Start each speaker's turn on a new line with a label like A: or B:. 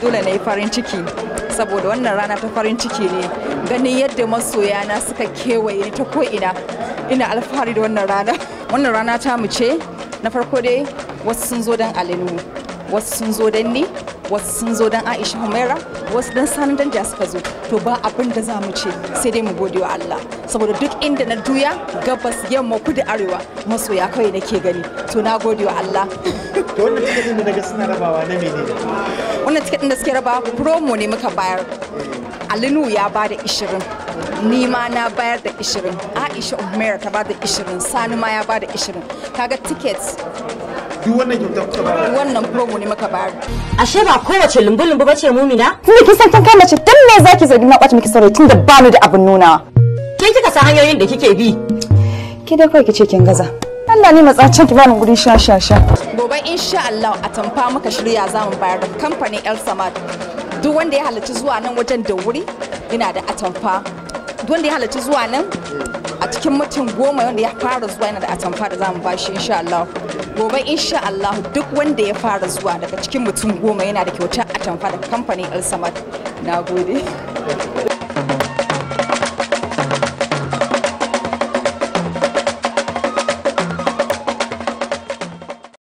A: dole na yi farin ciki saboda wannan rana ta farin ciki ne ganin yadda masoya na suka kewaye ta ko'ina ina alfahari da wannan rana wannan rana ta mu ce na farko dai wasu sun zo don alinu wasu sun zo don ni wasu sun zo don aisha humaira wasu don sanin danja suka zo to ba abin da za mu ce sai dai mu gode wa allah saboda duk inda na duya gabas yamma kudu arewa masoya kawai nake gani to na gode wa allah to wannan tiketin da daga suna rabawa na wannan tiketin da suke rabawa promo ne muka bayar alinu ya ba da 20 nima na bayar da ishirin,Aisha aisha umaira ta ba da ishirin sani ma ya ba da ka kaga tiket. duk wannan kyauta kuka ba wannan promo ne maka bari ashe ba kowace lumbu-lumbu ba ce mumina ni ne kisan kin kai mace dan me zaki zargi na kwace miki sarai da ba ni da abin nuna. kin kika san hanyoyin da kike bi ki da kai kice kin gaza Allah ne matsacin ki bani gurin sha sha sha gobe insha Allah a tamfa maka shirya zamu bayar da kamfanin El Samad duk wanda ya halarci zuwa nan wajen da wuri ina da atamfa duk wanda ya halarci zuwa nan a cikin mutum goma wanda ya fara zuwa yana da atamfa da zamu bashi insha Allah gobe insha Allah duk wanda ya fara zuwa daga cikin mutum goma yana da kyautar atamfa da kamfanin Al Samad nagode